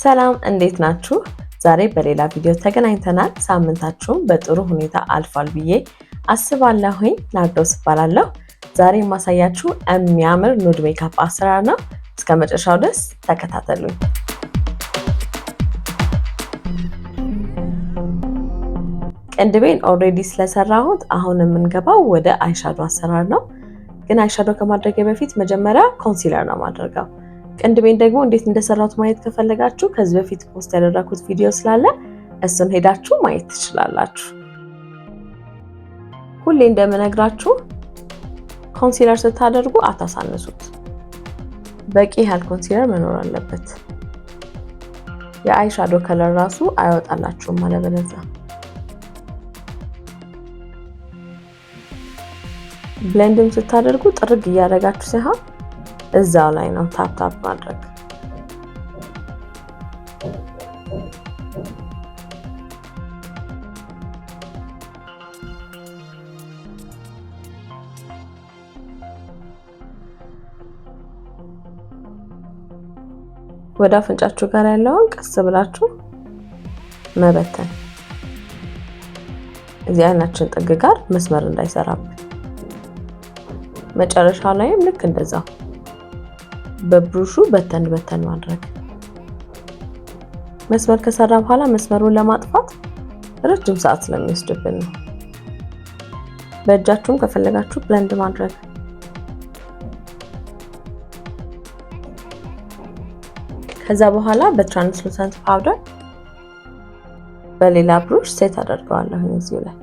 ሰላም እንዴት ናችሁ? ዛሬ በሌላ ቪዲዮ ተገናኝተናል። ሳምንታችሁም በጥሩ ሁኔታ አልፏል ብዬ አስባለሁኝ። ናርዶስ እባላለሁ። ዛሬ የማሳያችሁ የሚያምር ኑድ ሜካፕ አሰራር ነው። እስከ መጨረሻው ድረስ ተከታተሉኝ። ቅንድቤን ኦልሬዲ ስለሰራሁት አሁን የምንገባው ወደ አይሻዶ አሰራር ነው። ግን አይሻዶ ከማድረግ በፊት መጀመሪያ ኮንሲለር ነው ማድረገው ቅንድቤን ደግሞ እንዴት እንደሰራሁት ማየት ከፈለጋችሁ ከዚህ በፊት ፖስት ያደረኩት ቪዲዮ ስላለ እሱን ሄዳችሁ ማየት ትችላላችሁ። ሁሌ እንደምነግራችሁ ኮንሲለር ስታደርጉ አታሳንሱት። በቂ ያህል ኮንሲለር መኖር አለበት። የአይሻዶ ከለር ራሱ አይወጣላችሁም አለበለዛ። ብለንድም ስታደርጉ ጥርግ እያደረጋችሁ ሳይሆን እዛው ላይ ነው ታፕታፕ ማድረግ። ወደ አፍንጫችሁ ጋር ያለውን ቀስ ብላችሁ መበተን እዚህ አይናችን ጥግ ጋር መስመር እንዳይሰራብን መጨረሻው ላይም ልክ እንደዛው በብሩሹ በተን በተን ማድረግ። መስመር ከሰራ በኋላ መስመሩን ለማጥፋት ረጅም ሰዓት ስለሚወስድብን ነው። በእጃችሁም ከፈለጋችሁ ብለንድ ማድረግ ከዛ በኋላ በትራንስሉሰንት ፓውደር በሌላ ብሩሽ ሴት አደርገዋለሁ እዚሁ ላይ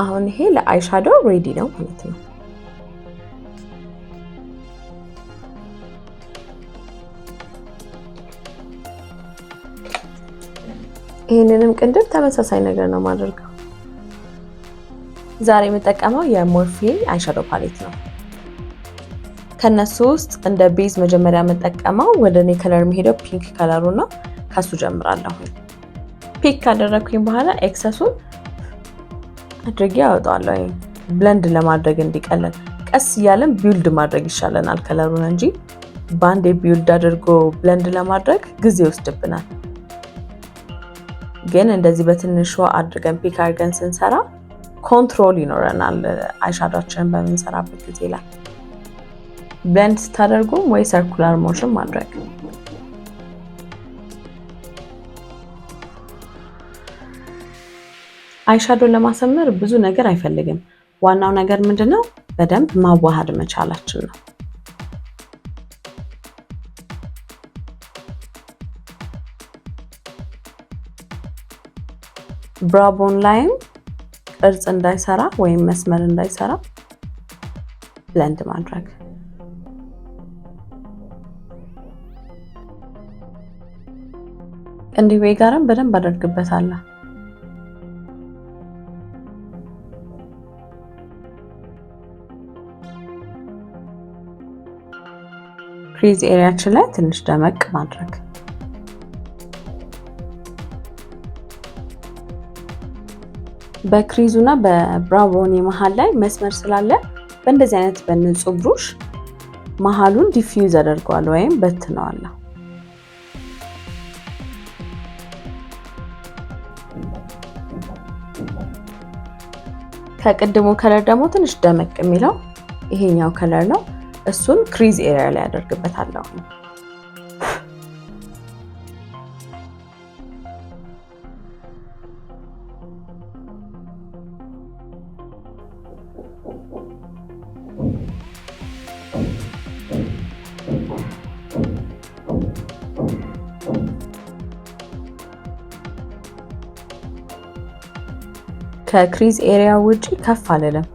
አሁን ይሄ ለአይሻዶ ሬዲ ነው ማለት ነው። ይህንንም ቅንድብ ተመሳሳይ ነገር ነው የማደርገው። ዛሬ የምጠቀመው የሞርፌ አይሻዶ ፓሌት ነው። ከነሱ ውስጥ እንደ ቤዝ መጀመሪያ የምጠቀመው ወደ እኔ ከለር የሚሄደው ፒንክ ከለሩ ነው። ከሱ ጀምራለሁ። ፒክ ካደረግኩኝ በኋላ ኤክሰሱን አድርጌ ያወጣዋለሁ። ብለንድ ለማድረግ እንዲቀለን ቀስ እያለን ቢውልድ ማድረግ ይሻለናል ከለሩን እንጂ በአንዴ ቢውልድ አድርጎ ብለንድ ለማድረግ ጊዜ ይወስድብናል። ግን እንደዚህ በትንሹ አድርገን ፒክ አድርገን ስንሰራ ኮንትሮል ይኖረናል አይሻዳችንን በምንሰራበት ጊዜ ላይ ብለንድ ስታደርጉም ወይ ሰርኩላር ሞሽን ማድረግ አይሻዶ ለማሰመር ብዙ ነገር አይፈልግም። ዋናው ነገር ምንድነው? በደንብ ማዋሃድ መቻላችን ነው። ብራቦን ላይም ቅርጽ እንዳይሰራ ወይም መስመር እንዳይሰራ ብለንድ ማድረግ እንዲሁ ጋርም በደንብ አደርግበታለሁ። ፍሪዝ ኤሪያችን ላይ ትንሽ ደመቅ ማድረግ በክሪዙ እና በብራቦኒ መሀል ላይ መስመር ስላለ በእንደዚህ አይነት በንጹህ ብሩሽ መሀሉን ዲፊውዝ አደርገዋል ወይም በትነዋለሁ። ከቅድሙ ከለር ደግሞ ትንሽ ደመቅ የሚለው ይሄኛው ከለር ነው። እሱን ክሪዝ ኤሪያ ላይ ያደርግበታል። ከክሪዝ ኤሪያ ውጪ ከፍ አልልም።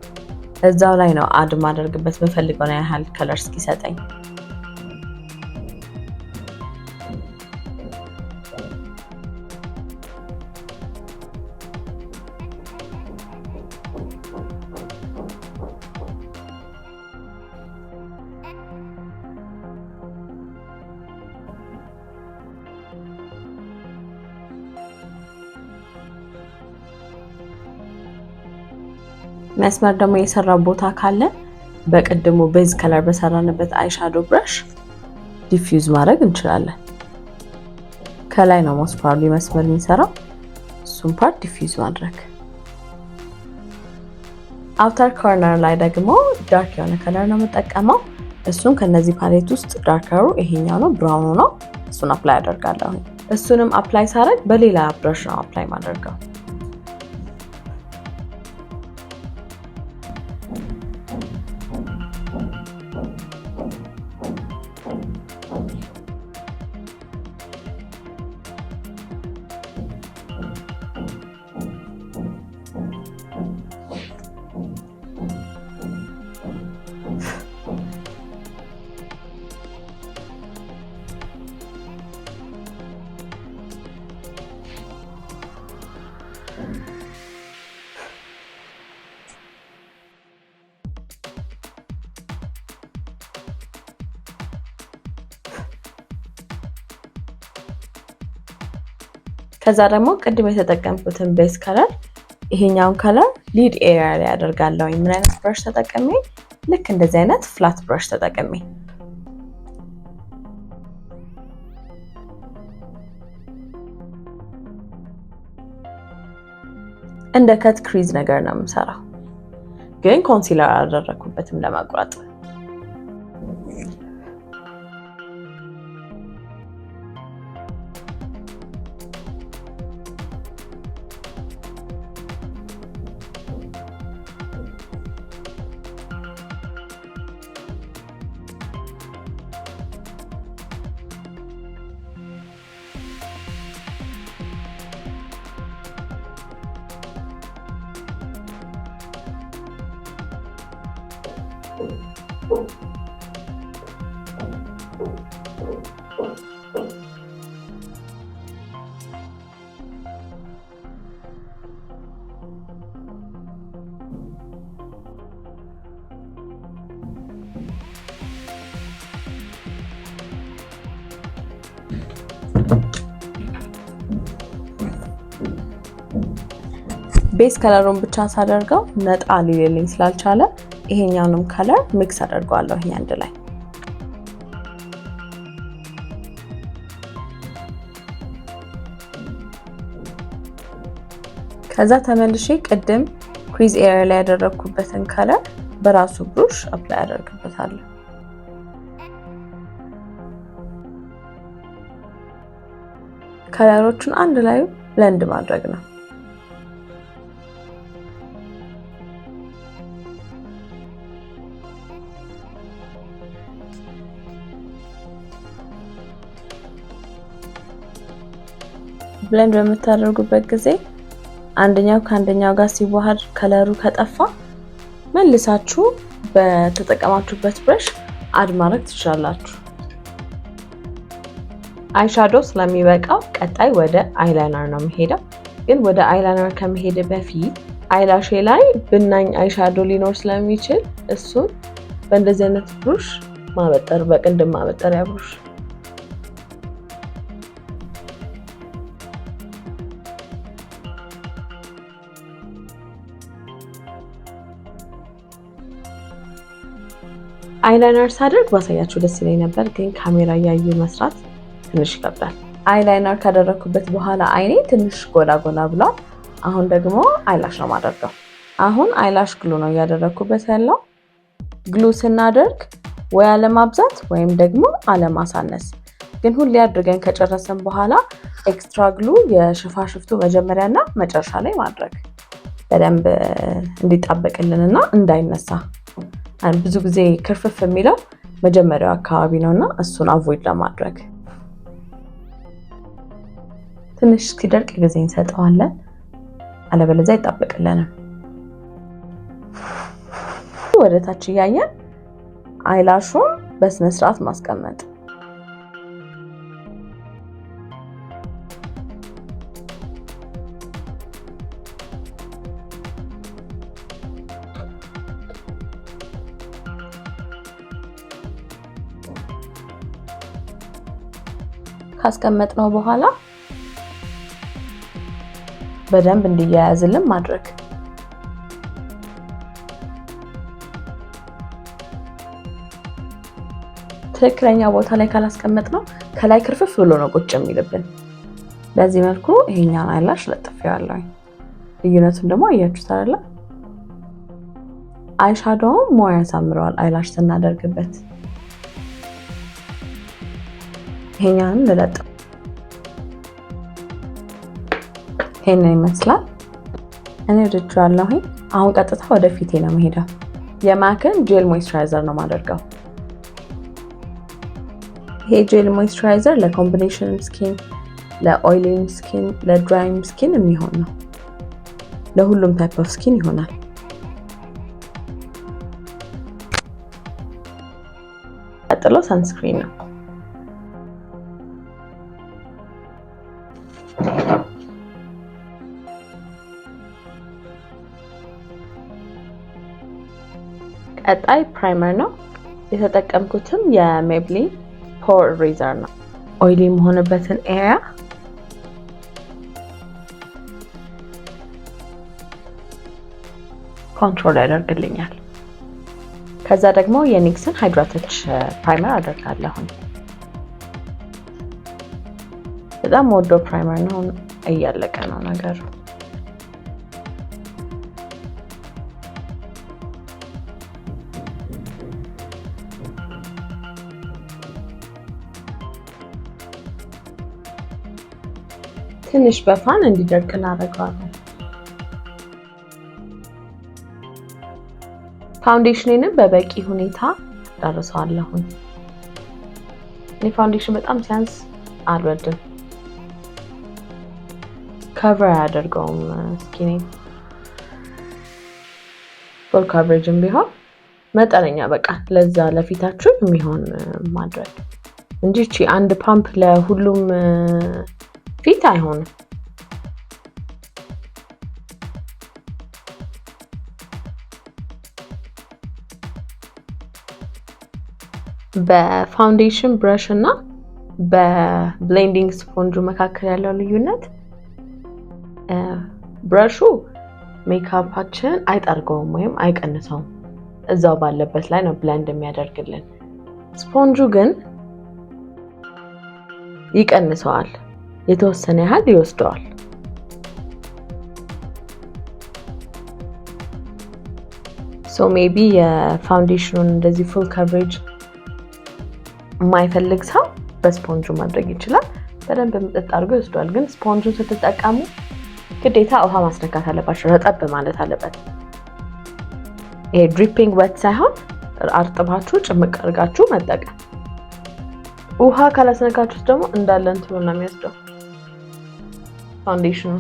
እዛው ላይ ነው አድ ማደርግበት በፈልገውን ያህል ከለር እስኪሰጠኝ መስመር ደግሞ የሰራው ቦታ ካለ በቅድሙ ቤዝ ከለር በሰራንበት አይሻዶ ብራሽ ዲፊውዝ ማድረግ እንችላለን። ከላይ ነው ሞስት ፕሮባብሊ መስመር የሚሰራው፣ እሱም ፓርት ዲፊውዝ ማድረግ። አውተር ኮርነር ላይ ደግሞ ዳርክ የሆነ ከለር ነው የምጠቀመው። እሱም ከነዚህ ፓሌት ውስጥ ዳርከሩ ይሄኛው ነው፣ ብራውኑ ነው። እሱን አፕላይ አደርጋለሁ። እሱንም አፕላይ ሳደርግ በሌላ ብራሽ ነው አፕላይ ማደርገው። ከዛ ደግሞ ቅድም የተጠቀምኩትን ቤስ ከለር ይሄኛውን ከለር ሊድ ኤሪያ ላይ አደርጋለሁ። ምን አይነት ብራሽ ተጠቅሜ? ልክ እንደዚህ አይነት ፍላት ብረሽ ተጠቅሜ እንደ ከት ክሪዝ ነገር ነው የምሰራው፣ ግን ኮንሲለር አላደረግኩበትም ለማቁረጥ ቤስ ከለሩን ብቻ ሳደርገው ነጣ ሊልልኝ ስላልቻለ ይሄኛውንም ከለር ሚክስ አደርገዋለሁ አንድ ላይ። ከዛ ተመልሼ ቅድም ክሪዝ ኤሪያ ላይ ያደረግኩበትን ከለር በራሱ ብሩሽ አፕላይ አደርግበታለሁ። ከለሮቹን አንድ ላይ ብለንድ ማድረግ ነው። ብለንድ በምታደርጉበት ጊዜ አንደኛው ከአንደኛው ጋር ሲዋሃድ ከለሩ ከጠፋ መልሳችሁ በተጠቀማችሁበት ብረሽ አድ ማድረግ ትችላላችሁ። አይሻዶ ስለሚበቃው ቀጣይ ወደ አይላይነር ነው የምሄደው። ግን ወደ አይላይነር ከመሄድ በፊት አይላሼ ላይ ብናኝ አይሻዶ ሊኖር ስለሚችል እሱን በእንደዚህ አይነት ብሩሽ ማበጠር፣ በቅንድም ማበጠሪያ ብሩሽ አይላይነር ሳደርግ ባሳያችሁ ደስ ይለኝ ነበር፣ ግን ካሜራ እያዩ መስራት ትንሽ ይከብዳል። አይላይነር ካደረግኩበት በኋላ አይኔ ትንሽ ጎላ ጎላ ብሏል። አሁን ደግሞ አይላሽ ነው ማደርገው። አሁን አይላሽ ግሉ ነው እያደረግኩበት ያለው። ግሉ ስናደርግ ወይ አለማብዛት ወይም ደግሞ አለማሳነስ፣ ግን ሁሌ አድርገን ከጨረሰን በኋላ ኤክስትራ ግሉ የሽፋሽፍቱ መጀመሪያና መጨረሻ ላይ ማድረግ በደንብ እንዲጣበቅልንና እንዳይነሳ ብዙ ጊዜ ክርፍፍ የሚለው መጀመሪያው አካባቢ ነው እና እሱን አቮይድ ለማድረግ ትንሽ እስኪደርቅ ጊዜ እንሰጠዋለን። አለበለዚያ አይጣበቅልንም። ወደ ታች እያየን አይላሹን በስነስርዓት ማስቀመጥ ካስቀመጥነው በኋላ በደንብ እንዲያያዝልን ማድረግ ትክክለኛ ቦታ ላይ ካላስቀመጥነው ከላይ ክርፍፍ ብሎ ነው ቁጭ የሚልብን። በዚህ መልኩ ይሄኛውን አይላሽ ለጥፌዋለሁ። ልዩነቱን ደግሞ አያችሁት አይደለ? አይሻዶውም ሞያ ያሳምረዋል አይላሽ ስናደርግበት ይሄኛንም ልለጥፍ። ይሄንን ይመስላል። እኔ ርጁ ያለሁኝ አሁን ቀጥታ ወደ ፊቴ ነው መሄደው። የማክን ጄል ሞይስቸራይዘር ነው ማደርገው። ይሄ ጄል ሞይስቸራይዘር ለኮምቢኔሽን ስኪን፣ ለኦይሊንግ ስኪን፣ ለድራይም ስኪን የሚሆን ነው። ለሁሉም ታይፕ ኦፍ ስኪን ይሆናል። ቀጥሎ ሰንስክሪን ነው። ቀጣይ ፕራይመር ነው። የተጠቀምኩትም የሜብሊን ፖር ሬዘር ነው። ኦይሊ የምሆንበትን ኤሪያ ኮንትሮል ያደርግልኛል። ከዛ ደግሞ የኒክስን ሃይድራቶች ፕራይመር አደርጋለሁኝ። በጣም ወዶ ፕራይመር ነው። እያለቀ ነው ነገሩ። ትንሽ በፋን እንዲደርቅ እናደርገዋለን። ፋውንዴሽኔንም በበቂ ሁኔታ ጨርሰዋለሁኝ። እኔ ፋውንዴሽን በጣም ሲያንስ አልወድም፣ ከቨር አያደርገውም ስኪኔ። ፎል ካቨሬጅም ቢሆን መጠነኛ በቃ ለዛ ለፊታችን የሚሆን ማድረግ እንጂ አንድ ፓምፕ ለሁሉም ፊት አይሆንም። በፋውንዴሽን ብረሽ እና በብሌንዲንግ ስፖንጁ መካከል ያለው ልዩነት ብረሹ ሜካፓችን አይጠርገውም ወይም አይቀንሰውም፣ እዛው ባለበት ላይ ነው ብለንድ የሚያደርግልን። ስፖንጁ ግን ይቀንሰዋል። የተወሰነ ያህል ይወስደዋል። ሶ ሜቢ የፋውንዴሽኑን እንደዚህ ፉል ከቨሬጅ የማይፈልግ ሰው በስፖንጁ ማድረግ ይችላል። በደንብ ምጥጥ አድርጎ ይወስደዋል። ግን ስፖንጁን ስትጠቀሙ ግዴታ ውሃ ማስነካት አለባቸው። ረጠብ ማለት አለበት። ይሄ ድሪፒንግ ወት ሳይሆን አርጥባችሁ ጭምቅ አድርጋችሁ መጠቀም። ውሃ ካላስነካችሁት ደግሞ እንዳለ እንትኑ ነው የሚወስደው። foundation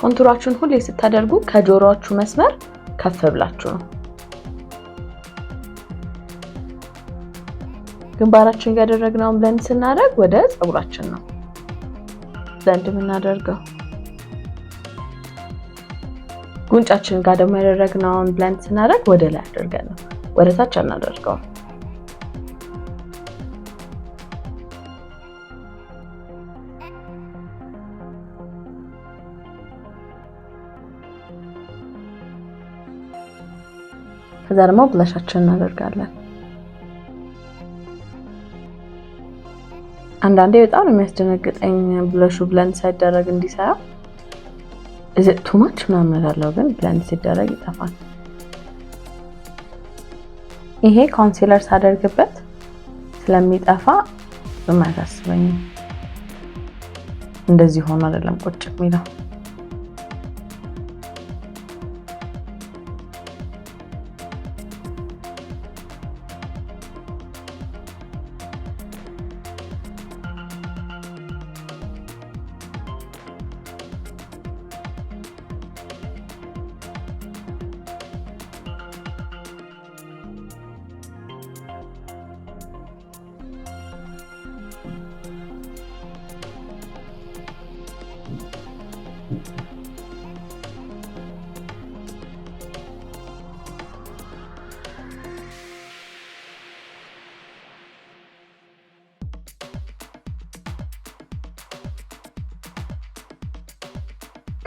ኮንቱራችሁን ሁሌ ስታደርጉ ከጆሮአችሁ መስመር ከፍ ብላችሁ ነው። ግንባራችን ያደረግነውን ብለን ስናደርግ ወደ ፀጉራችን ነው ዘንድ የምናደርገው። ጉንጫችን ጋር ደግሞ ያደረግነውን ብለንድ ስናደርግ ወደ ላይ አድርገን ነው፣ ወደ ታች አናደርገውም። ከዛ ደግሞ ብለሻችን እናደርጋለን። አንዳንዴ በጣም የሚያስደነግጠኝ ብለሹ ብለን ሳይደረግ እንዲሰራ እዚ ቱማች ምናምን አለው ግን ብለንድ ሲደረግ ይጠፋል። ይሄ ኮንሲለር ሳደርግበት ስለሚጠፋ የማያሳስበኝም። እንደዚህ ሆኖ አይደለም ቁጭ የሚለው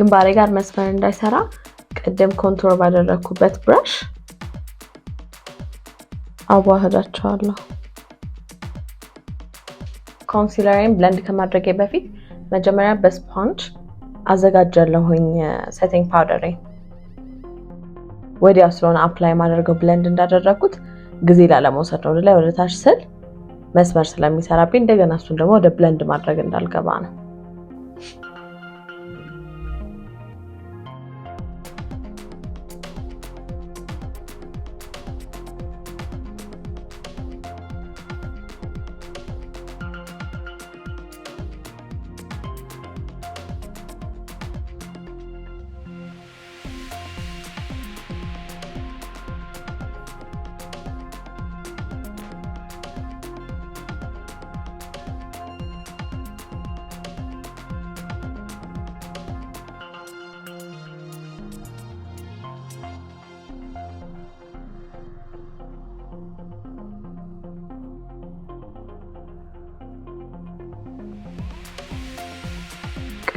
ግንባሬ ጋር መስመር እንዳይሰራ ቀደም ኮንትሮል ባደረግኩበት ብራሽ አዋህዳቸዋለሁ። ኮንሲለሪም ብለንድ ከማድረጌ በፊት መጀመሪያ በስፖንጅ አዘጋጀለሁኝ ሴቲንግ ፓውደሬ። ወዲያው ስለሆነ አፕላይ ማደርገው ብለንድ እንዳደረግኩት ጊዜ ላለመውሰድ ነው። ወደላይ ላይ ወደ ስል መስመር ስለሚሰራብኝ እንደገና እሱን ደግሞ ወደ ብለንድ ማድረግ እንዳልገባ ነው።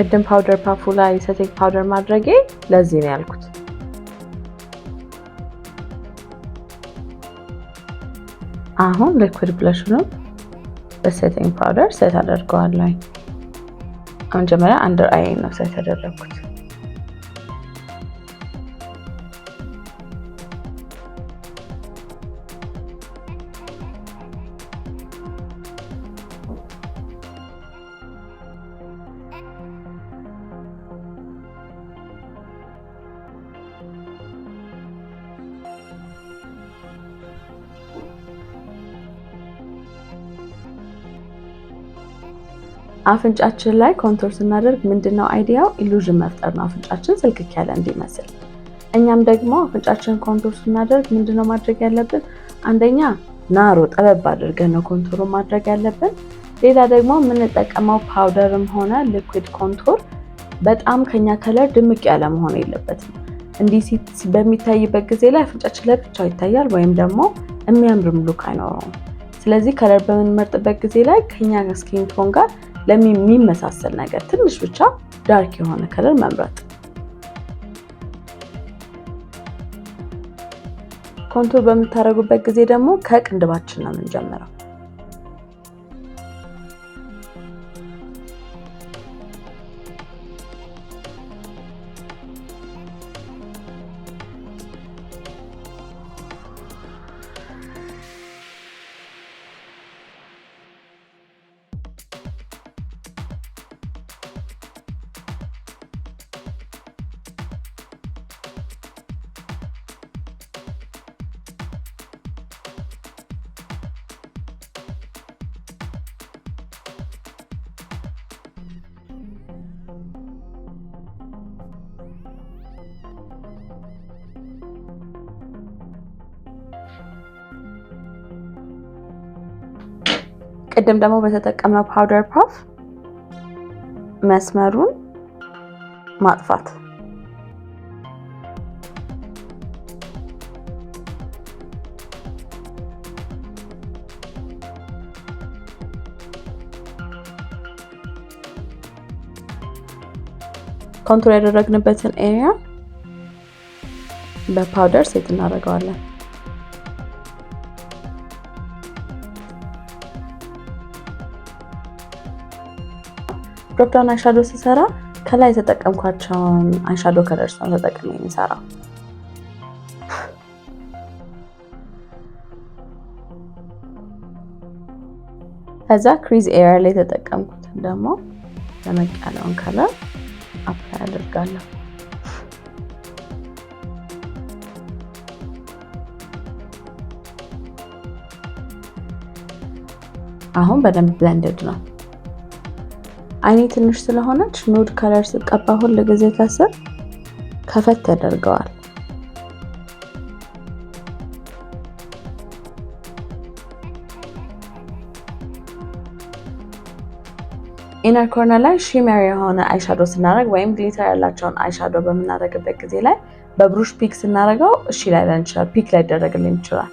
ቅድም ፓውደር ፓፉ ላይ ሰቲንግ ፓውደር ማድረጌ ለዚህ ነው ያልኩት። አሁን ሊኩድ ብለሽኑን በሴቲንግ ፓውደር ሴት አደርገዋለሁ። መጀመሪያ አንደር አይ ነው ሴት ያደረግኩት። አፍንጫችን ላይ ኮንቶር ስናደርግ ምንድነው አይዲያው ኢሉዥን መፍጠር ነው፣ አፍንጫችን ስልክክ ያለ እንዲመስል። እኛም ደግሞ አፍንጫችን ኮንቶር ስናደርግ ምንድነው ማድረግ ያለብን? አንደኛ ናሮ ጠበብ አድርገን ነው ኮንቶሩ ማድረግ ያለብን። ሌላ ደግሞ የምንጠቀመው ፓውደርም ሆነ ሊኩድ ኮንቶር በጣም ከኛ ከለር ድምቅ ያለ መሆን የለበትም። እንዲህ በሚታይበት ጊዜ ላይ አፍንጫችን ላይ ብቻው ይታያል ወይም ደግሞ የሚያምርም ሉክ አይኖረውም። ስለዚህ ከለር በምንመርጥበት ጊዜ ላይ ከኛ ስኪን ቶን ጋር ለሚመሳሰል ነገር ትንሽ ብቻ ዳርክ የሆነ ከለር መምረጥ። ኮንቱር በምታደርጉበት ጊዜ ደግሞ ከቅንድባችን ነው የምንጀምረው። ቅድም ደግሞ በተጠቀምነው ፓውደር ፓፍ መስመሩን ማጥፋት ኮንትሮል ያደረግንበትን ኤሪያ በፓውደር ሴት እናደርገዋለን። ዶፕዳውን አይሻዶ ስሰራ ከላይ የተጠቀምኳቸውን አይሻዶ ከለርስ ነው ተጠቅሜ የሚሰራው። ከዛ ክሪዝ ኤር ላይ የተጠቀምኩትን ደግሞ ለመቅ ያለውን ከለር አፕላይ አድርጋለሁ። አሁን በደንብ ብለንደድ ነው። አይኔ ትንሽ ስለሆነች ኑድ ከለር ስቀባ ሁል ጊዜ ከስር ከፈት ተደርገዋል። ኢነር ኮርነር ላይ ሺሚሪ የሆነ አይሻዶ ስናደርግ ወይም ግሊተር ያላቸውን አይሻዶ በምናደርግበት ጊዜ ላይ በብሩሽ ፒክ ስናደርገው እሺ ላይ ይችላል፣ ፒክ ላይደረግልን ይችላል።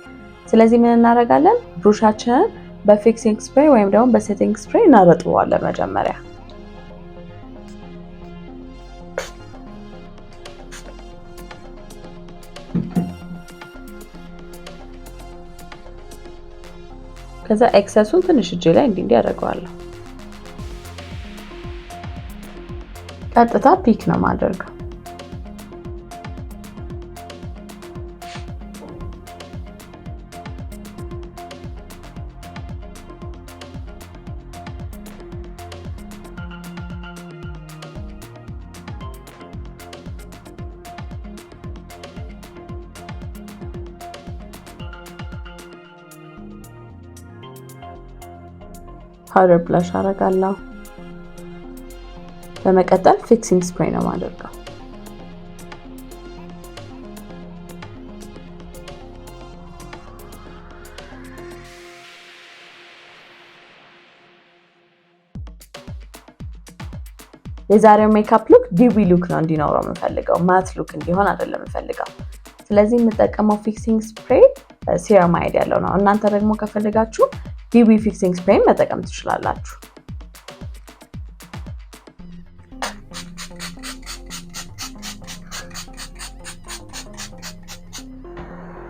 ስለዚህ ምን እናደርጋለን? ብሩሻችንን በፊክሲንግ ስፕሬይ ወይም ደግሞ በሴቲንግ ስፕሬይ እናረጥበዋለን መጀመሪያ ከዛ ኤክሰሱን ትንሽ እጄ ላይ እንዲህ እንዲህ ያደርገዋለሁ። ቀጥታ ፒክ ነው ማድረገው። ፓውደር ብላሽ አረጋለሁ። በመቀጠል ፊክሲንግ ስፕሬይ ነው የማደርገው። የዛሬው ሜካፕ ሉክ ዲዊ ሉክ ነው እንዲኖረው የምፈልገው፣ ማት ሉክ እንዲሆን አይደለም የምፈልገው። ስለዚህ የምጠቀመው ፊክሲንግ ስፕሬይ ሴራማይድ ያለው ነው። እናንተ ደግሞ ከፈለጋችሁ ቪቢ ፊክሲንግ ስፕሬን መጠቀም ትችላላችሁ።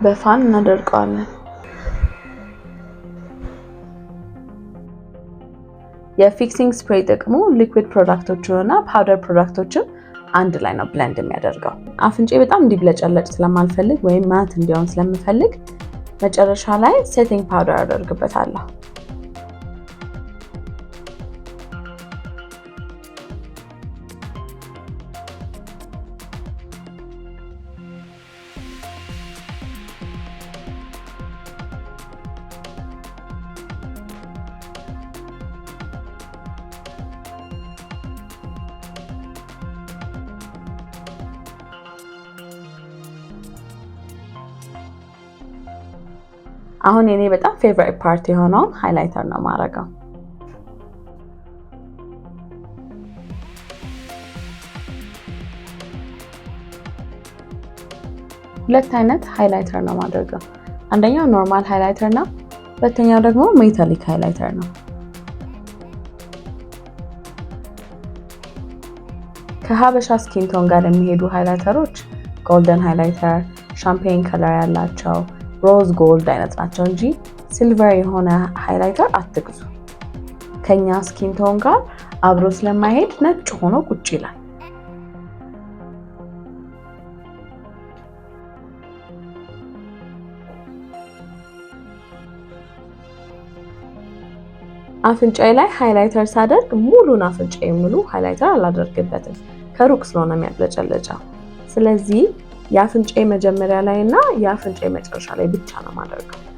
በፋን እናደርቀዋለን። የፊክሲንግ ስፕሬይ ጥቅሙ ሊኩዊድ ፕሮዳክቶችን እና ፓውደር ፕሮዳክቶችን አንድ ላይ ነው ብለንድ የሚያደርገው። አፍንጬ በጣም እንዲብለጨለጭ ስለማልፈልግ ወይም ማት እንዲሆን ስለምፈልግ መጨረሻ ላይ ሴቲንግ ፓውደር አደርግበታለሁ። አሁን የኔ በጣም ፌቨሪት ፓርት የሆነውን ሃይላይተር ነው ማረገው። ሁለት አይነት ሃይላይተር ነው ማድረገው። አንደኛው ኖርማል ሃይላይተር ነው፣ ሁለተኛው ደግሞ ሜታሊክ ሃይላይተር ነው። ከሀበሻ ስኪንቶን ጋር የሚሄዱ ሃይላይተሮች ጎልደን ሃይላይተር፣ ሻምፔን ከለር ያላቸው ሮዝ ጎልድ አይነት ናቸው እንጂ ሲልቨር የሆነ ሃይላይተር አትግዙ። ከኛ ስኪን ቶን ጋር አብሮ ስለማይሄድ ነጭ ሆኖ ቁጭ ይላል። አፍንጫዬ ላይ ሃይላይተር ሳደርግ ሙሉን አፍንጫዬ ሙሉ ሃይላይተር አላደርግበትም፣ ከሩቅ ስለሆነ የሚያብለጨለጨው። ስለዚህ የአፍንጫ መጀመሪያ ላይ እና የአፍንጫ መጨረሻ ላይ ብቻ ነው ማደርገው።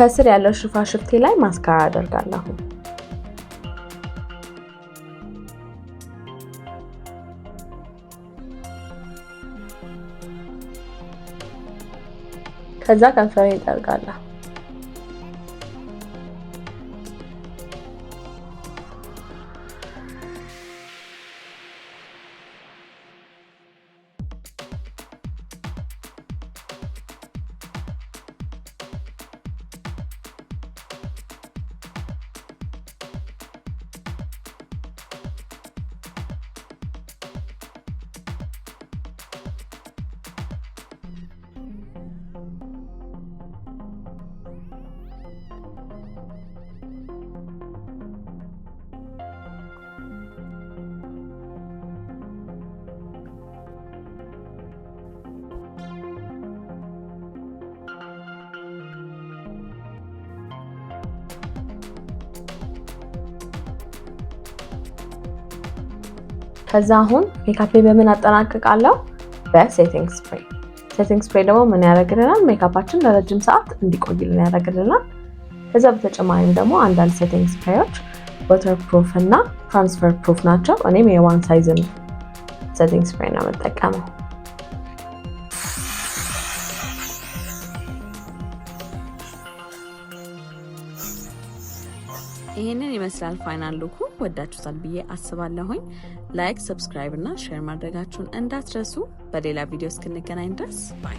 ከስር ያለው ሽፋሽፍቴ ላይ ማስካራ አደርጋለሁ። ከዛ ከንፈሬን እጠርጋለሁ። ከዛ አሁን ሜካፕ በምን አጠናቅቃለሁ? በሴቲንግ ስፕሬይ። ሴቲንግ ስፕሬይ ደግሞ ምን ያደርግልናል? ሜካፓችን ለረጅም ሰዓት እንዲቆይልን ያደርግልናል። ከዛ በተጨማሪም ደግሞ አንዳንድ ሴቲንግ ስፕሬዎች ወተር ፕሩፍ እና ትራንስፈር ፕሩፍ ናቸው። እኔም የዋን ሳይዝን ሴቲንግ ስፕሬይ ነው የምጠቀመው። ይመስላል ፋይናል ሉኩ። ወዳችሁታል ብዬ አስባለሁኝ። ላይክ፣ ሰብስክራይብ እና ሼር ማድረጋችሁን እንዳትረሱ። በሌላ ቪዲዮ እስክንገናኝ ድረስ ባይ